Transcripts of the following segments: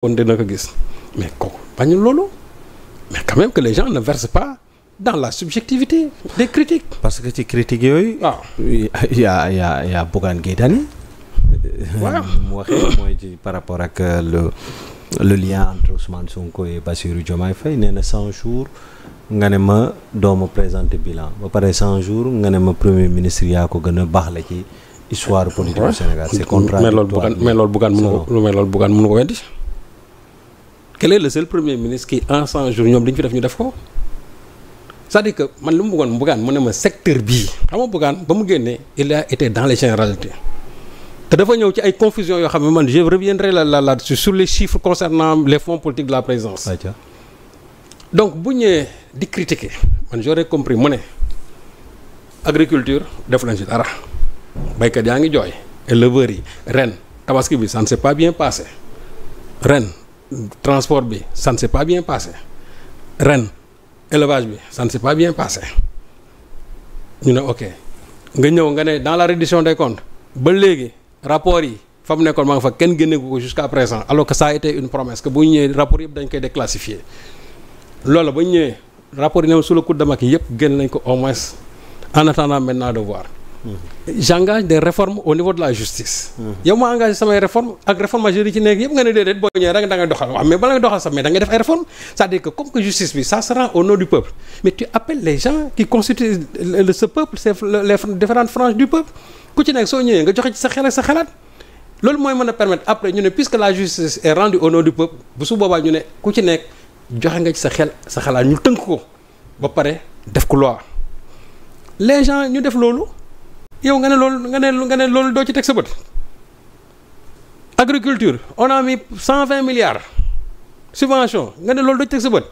kon dina ko gis mais kooku bañu loolu mais quand même que les gens ne versent pas dans la subjectivité des critiques parce que ci critiques yooyu waaw ah. yaa yaa yaa Bougane euh, mu waxee mooy par rapport ak euh, le le lien entre Ousmane Sonko et Bassirou Diomaye Faye nee na 100 jours nga ne ma dooma présenter bilan ba pare 100 jours nga ne ma premier ministre yaa ko gën a baax la ci histoire politique du Sénégal c'est contradictoire mais loolu Bougane mais loolu Bougane mënu ko mais loolu Bougane mënu ko weddi quel est le seul premier ministre qui en 100 jours ñoom li ñu fi def ñu def ko c'est-à-dire que man li mu bëggoon Bougane mu ne ma secteur bii xam nga Bougane ba mu génnee il a été dans les généralités te dafa ñëw ci ay confusion yoo xam ne man je reviendrai là la la dessus sur les chiffres concernant les fonds politiques de la présidence donc bu ñëwee di critiquer man j'aurais compris mu ne agriculture def nañ ci dara baykat yaa ngi jooy éleveurs yi ren tabaski bi ça ne s'est pas bien passé ren transport bi ça ne s'est pas bien passé ren élevage bi ça ne s'est pas bien passé ñu ne ok nga ñëw nga ne dans la reddition des comptes ba léegi rapport yi fa mu nekkoon ma nga fa kenn génne ko jusqu'à présent alors que ça a été une promesse que bu ñu ñëwee rapport yëpp dañ koy déclassifier loolu ba ñu ñëwee rapport yi ne sous le coude de Macky yëpp génn nañ ko au moins en attendant maintenant de voir j'engage des réformes au niveau de la justice. yow ma engagé samay réformes ak réforme majeure yi ci nekk yëpp nga ne déedéet boo ñëwee rek da ngay doxal waaw mais bala nga doxal sax mais da def ay réformes comme que justice bi ça se au nom du peuple mais tu appelles les qui constituent le peuple c'est les différentes du peuple ku ci nekk soo ñëwee nga joxe ci sa xel ak sa xalaat. loolu mooy mën a permettre après ñu ne puisque la justice est rendue au boobaa ne ku ci nekk joxe nga ci sa xel sa xalaat ñu tënk ko ba pare def ko loi les ñu def loolu. yow nga ne loolu nga ne nga ne loolu doo ci teg sa bët agriculture on a mis cent vingt milliards subvention nga ne loolu doo ci teg sa bët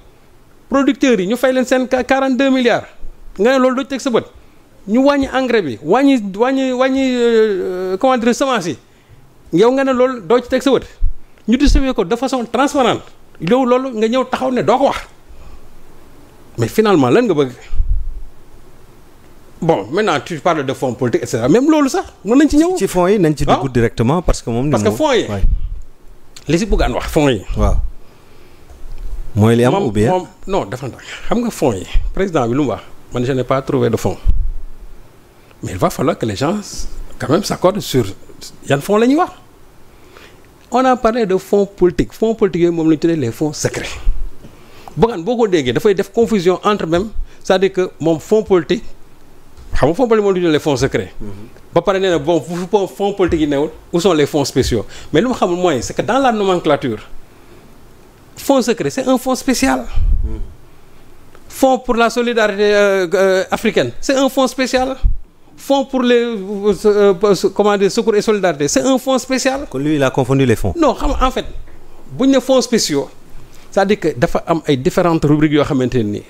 producteurs yi ñu fay leen seen quarante deux milliards nga ne loolu doo ci teg sa bët ñu wàññi engrais bi wàññi wàññi wàññi euh, comment dire semence yi yow nga ne loolu doo ci teg sa bët ñu distribuer ko de façon transparente yow loolu nga ñëw taxaw ne doo ko wax mais finalement lan nga bëgg. bon maintenant tu parles de fonds politique et cetera loolu sax man nañ ci ñëw. ci fonds yi nañ ci dugg ah. directement parce que moom. parce que fonds yi li si bëggaan wax fonds yi. li am. ou bien moom non dafa xam nga fonds yi président bi lu mu wax man je n'ai pas trouvé de fonds mais il va falloir que les gens quand même sur yan fonds la ñuy wax on a parlé de fonds politique fonds politique yooyu moom la ñu tuddee les fonds secrets bëggaan boo ko déggee dafay def confusion entre même c'est-à-dire que moom fonds xam nga fonds politique moo tuddee les fonds secrets. Mhm. ba pare nee na bon bu fonds politique yi newul où les fonds spéciaux mais lu ma xamul mooy c'est que dans la nomenclature fonds secret c'est un fonds spécial. Mhm. fonds pour la solidarité euh, euh, africaine c'est un fonds spécial. fonds pour le euh, euh, comment dire secours et solidarité c'est un fonds spécial. kon lui il a confondu les fonds. non xam en fait buñ ne fonds spéciaux cest dire que dafa am ay différentes rubriques yoo xamante ne nii.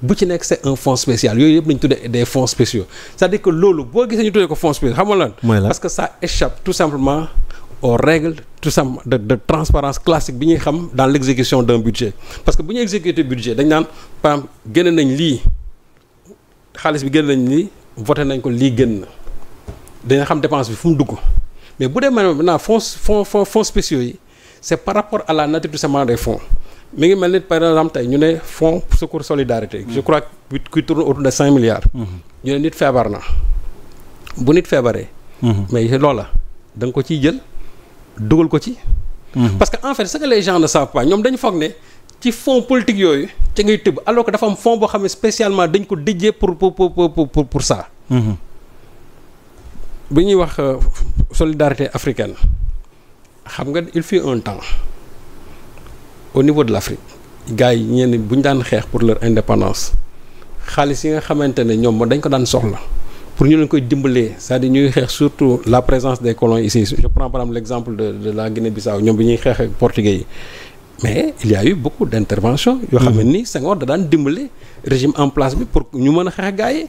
bu ci nekk c'est un fonds spécial yooyu yëpp lañu tuddee des fonds spéciaux c'est-à-dire que loolu boo gisee ñu tuddee ko fonds spécial xam nga lan parce que ça échappe tout simplement aux règles tout simplement de, de transparence classique bi ñuy xam dans l'exécution d'un budget parce que bu ñu exécuter budget dañ naan par exemple génne nañ lii xaalis bi génn nañ lii voté nañ ko lii génn na dañu xam dépense bi fu mu dugg mais bu dee man maintenant fonds fonds fonds spéciaux yi c'est par rapport à la nature du semence des mi ngi mel ni par exemple tey ñu ne fonds secours solidarité mm-hmm. je crois qui tourne autour de cinq milliards mm-hmm. ñu ne nit feebar na bu nit feebaree mm-hmm. mais loola da nga ko ciy jël dugal ko ci parce que en fait ce que les gens ne savent pas ñoom dañu foog ne ci fonds politique yooyu ci ngay tëb alors que dafa am fonds boo xam ne spécialement dañ ko dédié pour pour pour pour pour bi ñuy wax euh, solidarité africaine xam nga il fut un temps au niveau de l'Afrique gars yi ñenn bu ñu daan xeex pour leur indépendance xaalis yi nga xamante ne ñoom dañ ko daan soxla pour ñu leen koy dimbalee cest à ñuy xeex surtout la présence des colons ici je prends par exemple l'exemple de de la Guinée-Bissau ñoom bi ñuy xeex ak portugais yi mais il y a eu beaucoup d' intervention yoo xam ne mhm. ni Senghor da daan dimbale régime en place bi pour ñu mën a xeex gars yi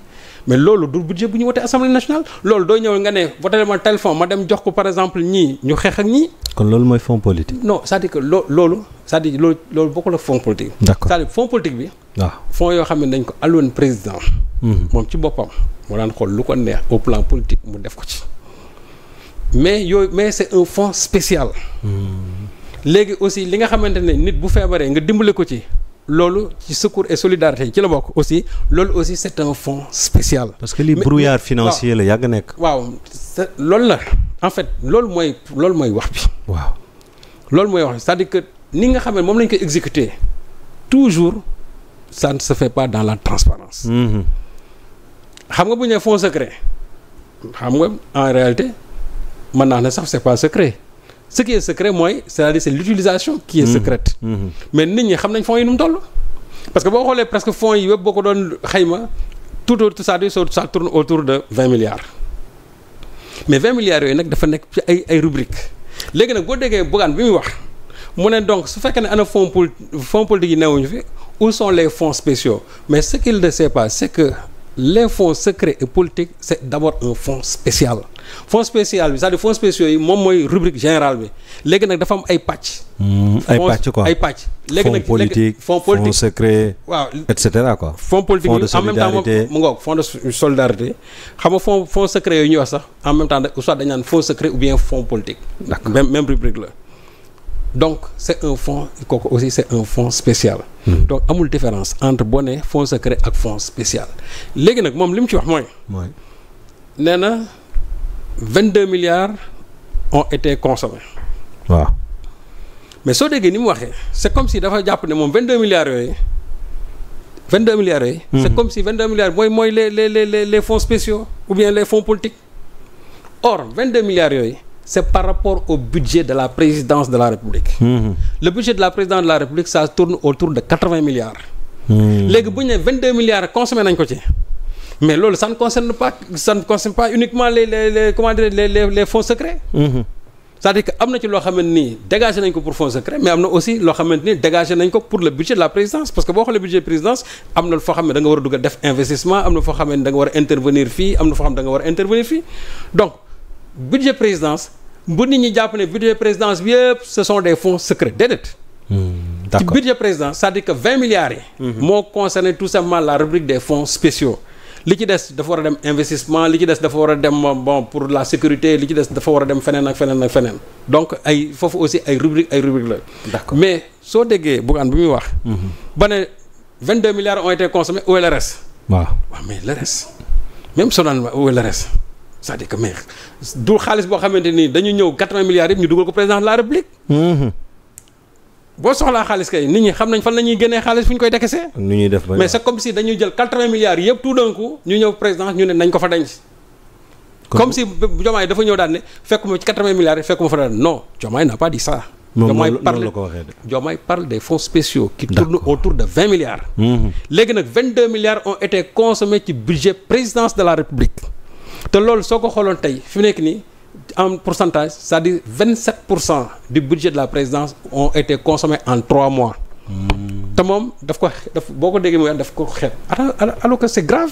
mais loolu du budget bu ñu wote assemblée nationale loolu dooy ñëw nga ne voté ma tel fond ma dem jox ko par exemple ñii ñu xeex ak ñii. kon loolu mooy fond politique. non cest dire que loo loolu cest loolu loolu bokkul ak fond politique. d'accord c'est-à-dire fond bi. waaw ah. fonds yoo xam ne dañ ko alloon président. Mhm. moom ci boppam moo daan xool lu ko neex au plan mu def ko ci mais yooyu mais c'est un fonds spécial. Hmm. léegi aussi li nga xamante ne nit bu feebaree nga dimbali ko ci loolu ci secours et solidarité ci la bokk aussi loolu aussi c'est un fonds spécial. parce que lii brouillard financier la yàgg nekk. waaw loolu la en fait loolu mooy loolu mooy wax bi. waaw loolu mooy wax c'est-à-dire que ni nga xam ne moom lañ ko exécuter toujours ça ne se fait pas dans la transparence mm-hmm. xam nga bu ñu nee fonds secret xam nga en réalité mën naax ne sax c'est pas secret. ce qui est secret mooy c'est-à-dire c'est l'utilisation qui est mhm. secrète mhm. mais nit ñi xam nañ fonds yi nu mu parce que boo xoolee presque fonds yi yëpp boo ko doon xayma tout tout ça ça tourne autour de vingt milliards mais vingt milliards yooyu nag dafa nekk ci ay ay rubrique léegi nag boo déggee Bougane bi muy wax mu ne donc su fekkee ne ana fonds pol fonds politique yi newuñu fi où sont les fonds spéciaux mais ce qu'il ne sait pas c'est que les fonds secrets et politiques c'est d'abord un fonds fonds spécial bi c'est-à-dire fonds spéciaux yi moom mooy rubrique générale bi léegi nag dafa am ay pàcc. Hmm, ay pàcc quoi ay pàcc. léegi nag fonds politique fonds politique fonds secret. waaw et cetera quoi. fonds politique de solidarité en même temps moom mu ngoog solidarité xam nga fonds fonds secret yooyu ñuy wax sax en même temps da soit dañu naan fonds secret ou même même rubrique la. donc c'est fonds kooku aussi c'est un fonds spécial. Mmh. donc amul différence entre boo nee ak fonds spécial. léegi nag moom li mu ci wax mooy. mooy 22 milliards ont été consommés. waaw mais soo déggee ni mu waxee c'est comme si dafa jàpp ne moom 22 milliards yooyu. 22 milliards yooyu. Hmm. c'est mmh. comme si 22 milliards mooy mooy les les les les fonds spéciaux ou bien les fonds politiques or 22 milliards yooyu c'est par rapport au budget de la présidence de la République. Mmh. le budget de la présidence de la République ça tourne autour de 80 milliards. Hmm. léegi bu ñu nee 22 milliards ci. mais loolu ça ne concerne pas ça ne concerne pas uniquement les les les comment fonds secrets. Mm-hmm. cest dire que am na ci loo xamante ni dégagé nañ ko pour fonds secret mais am na aussi loo xamante ni dégagé nañ ko pour le budget la présidence parce que boo xoolee budget présidence am na foo xam ne da war a dugg def investissement am na foo xam ne da war a intervenir fii am na foo xam ne war a intervenir fii donc budget présidence bu nit ñi jàpp ne budget présidence bi yëpp ce des fonds secrets déedéet. Mm, d'accord ci budget présidence c'est-à-dire que vingt milliards li ci des dafa war a dem investissement li ci des dafa war a dem bon pour la sécurité li ci des dafa war a dem feneen ak feneen ak feneen donc ay foofu aussi ay rubrique ay rubrique la. d'accord mais soo déggee Bougane bi muy wax. Mhm. ba ne 22 milliards ont été consommés où est le reste. waaw mais la reste même Sonan où est le reste c'est-à-dire que mais du xaalis boo xamante ni dañu ñëw 80 milliards yëpp ñu dugal ko président de la république. Mhm. boo soxlaa xaalis kay nit ñi xam nañ fan la génnee xaalis fu ñu koy dekesee. nu ñuy def ba mais c'est comme si dañuy jël quatre-vingts milliards yëpp tout d'un ñu ñëw présidence ñu ne nañ ko dafa ñëw daan ne fekkuma ci quatre-vingts milliards yi fekkuma fa daan non Diomaye n'a pas dit ça. Diomaye parle Diomaye parle des fonds spéciaux qui tournent autour de vingt milliards mhm. léegi nag vingt-deux milliards ont été consommés ci budget présidence de la République te loolu soo ko xooloon tey fi mu nekk nii en pourcentage c'est-à-dire vingt sept pour cent du budget de la présidence ont été consommés en trois mois. Hmm. te moom daf ko daf boo ko déggee mooy daf ko xeeb. alors que c'est grave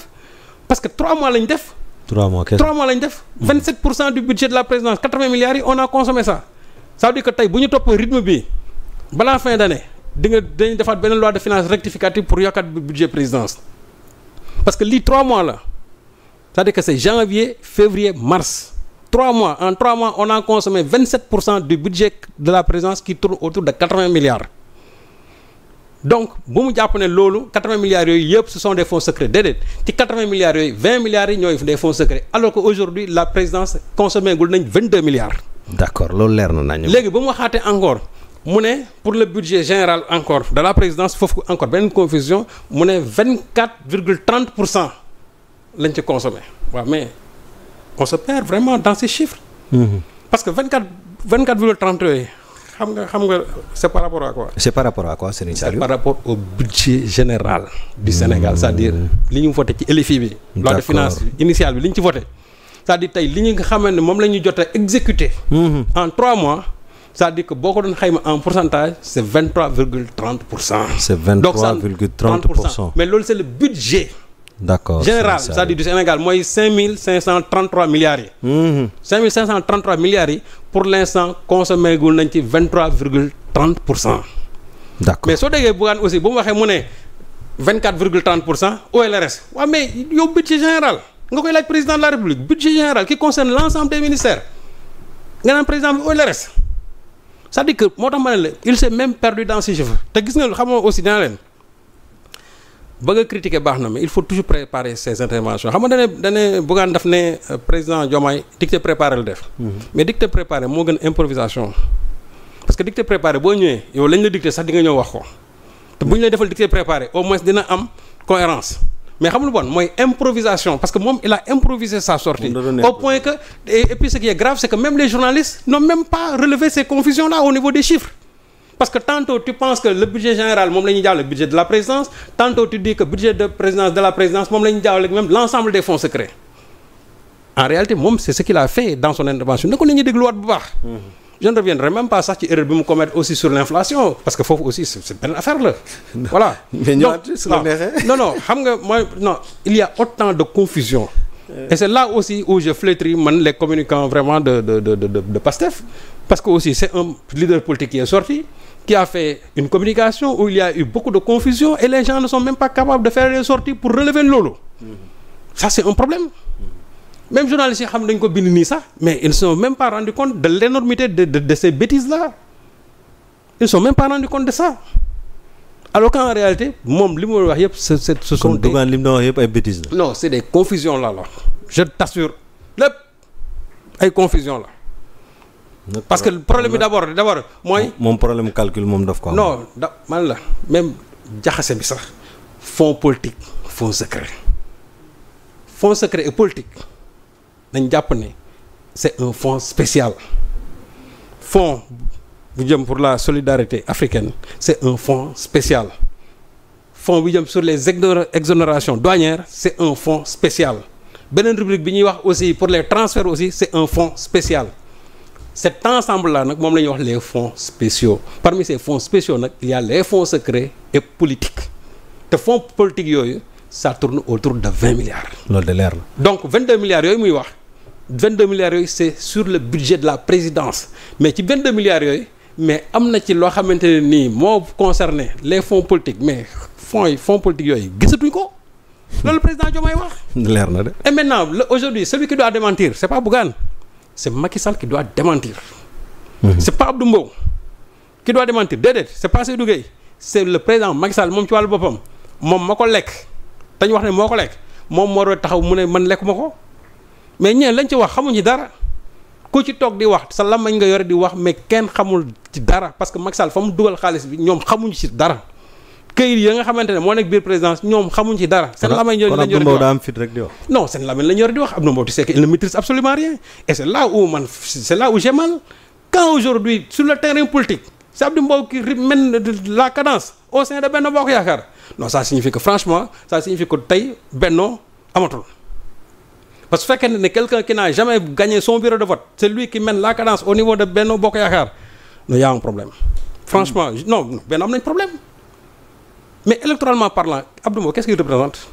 parce que trois mois lañ def. trois mois kese trois mois lañ def. Hmm. vingt sept pour cent du budget de la présidence quatre vingt milliards yi on a consommé ça. ça veut dire tey bu ñu topp rythme bi balaa fin d'année di nga dañuy defaat beneen loi de finances rectificative pour yokkaat budget présidence parce que lii trois mois la c'est-à-dire que c'est janvier trois mois en trois mois on a consommé 27 pour cent du budget de la présidence qui tourne autour de milliards donc bu mu jàpp ne loolu 80 milliards yooyu yëpp ce sont des fonds secrets déedéet ci 80 milliards yooyu 20 milliards yi ñooy des fonds secrets alors que aujourd'hui la présidence consommé gul nañ milliards. d'accord loolu leer na nañu. léegi ba mu waxaatee encore mu ne pour le budget général encore de la présidence foofu encore benn confusion mu ne 24 virgule 30 pour cent lañ ci consommé waaw on se perd vraiment dans ces chiffres. Mm-hmm. parce que 24 24 virgule 30 yooyu xam nga xam nga c' est par rapport à quoi. c' par rapport au budget général. du mm-hmm. Sénégal c' à dire li ñu voté ci LFI bi. loi de finance initiale bi li ñu ci voté. c' à dire tey li ñu nga xam ne moom la ñu jot a exécuté. Mm-hmm. en trois mois. c'est-à-dire que boo ko doon xayma en pourcentage c' est vingt trois virgule trente pour cent. c' est vingt trois virgule pour cent mais loolu c' le budget. d'accord général cest à du Sénégal mooy cinq mille cinq cent trente trois milliards yi. Mhm. cinq yi pour l'instant consommé gul nañ ci vingt trois virgule trente pour cent. mais soo déggee Bougane aussi bu mu waxee mu ne vingt quatre virgule trente pour cent OLRS waaw mais yow budget général nga koy laaj président de la République budget général qui concerne l'ensemble des ministères nga naan président bi OLRS cest que moo tax ma ne la il s'est même perdu dans ses chiffres te gis nga xam nga aussi dina leen. bëgg a critiquer baax na mais il faut toujours préparer ses interventions xam nga dañu ne Bougane daf ne euh, président Diomaye dicté préparé la def. Mhm. mais dicté préparé moo gën improvisation. parce que dicté préparé boo ñëwee yow lañ la dicté sax di nga ñëw wax ko te bu ñu lay defal dicté préparé au moins dina am cohérence mais xam lu bon mooy improvisation parce que moom il a improvisé sa sortie au point que et puis ce qui est grave c'est parce que tantôt tu penses que le budget général moom la ñuy jaawale budget de la présidence tantôt tu dis que budget de présidence de la présidence moom la ñuy jaawale même l'ensemble des fonds secrets en réalité moom c'est ce qu'il a fait dans son intervention ne ko nit ñi dégluwaat bu je ne reviendrai même pas sax ci erreur commettre aussi sur l'inflation parce que foofu aussi c'est benn affaire la voilà non non nga mooy non il y a autant de confusion euh. ki a fait une communication où il y a eu beaucoup de confusion et les gens ne sont même pas capables de faire des pour relever loolu mm-hmm. ça c'est un problème mm-hmm. même journalistes yi xam dañ ko bind nii sax mais ils ne sont même pas rendus compte de l'énormité de, de, de ces bêtises là ils ne sont même pas rendus compte de ça alors qu'en réalité moom li mu wax yëpp ce ce sont des li mu wax yëpp ay bêtises la non c'est des confusions là là je t'assure lépp ay confusions là parce que problème bi d' abord d' abord mooy. moom problème calcul moom daf ko am. non da man la même jaxase bi sax fonds politique fonds secret fonds secret et politique dañ jàpp ni c' est un fonds spécial fonds bu jëm pour la solidarité africaine c' un fonds spécial fonds bu jëm sur les exonérations douanières c' est un fonds spécial beneen rubrique bi ñuy wax aussi pour les transferts aussi c' est un fonds spécial. cet ensemble là nag moom la ñuy wax les fonds spéciaux parmi ces fonds spéciaux nag il y a les fonds secrets et politiques te fonds politiques yooyu ça tourne autour de vingt milliards. loolu de leer na donc vingt deux milliards yooyu muy wax vingt deux milliards yooyu c'est sur le budget de la présidence mais ci vingt deux milliards yooyu mais am na ci loo xamante ne nii moo concerné les fonds politiques mais fonds yi fonds politiques yooyu gisatuñ ko. loolu président Diomaye wax. leer na de. et maintenant le aujourd'hui celui qui c'est Macky Sall qui doit démentir. Mmh. c'est du Abdou Mbow qui doit démentir déedéet c'est pas Seydou Gueye c'est le président Macky Sall moom ci wàllu boppam moom ma ko lekk te wax ne moo ko lekk moom moo doon taxaw mu ne man lekk ma ko mais ñeen lañ ci wax xamuñu dara ku ci toog di wax sa lamañ nga yore di wax mais kenn xamul ci dara parce que Macky Sall fa mu dugal xaalis bi ñoom xamuñ ci dara. këyit ya nga xamante ne moo nekk biir présidence ñoom xamuñ ci dara seen lamañ lañ yor di wax am fit rek di wax non seen lamañ lañ yor di le terrain politique c'est Abdou Mbow qui la cadence au sein de Yaakaar non ça signifie que franchement ça signifie que tey Benno amatul parce que fekkee ne quelqu'un qui n'a jamais gagné son bureau de vote c'est lui qui mène la cadence au niveau de Benno Bokk Yaakaar non problème franchement non Benno am nañ problème mais électoralement parlant Abdou Mbow qu'est-ce qu'il représente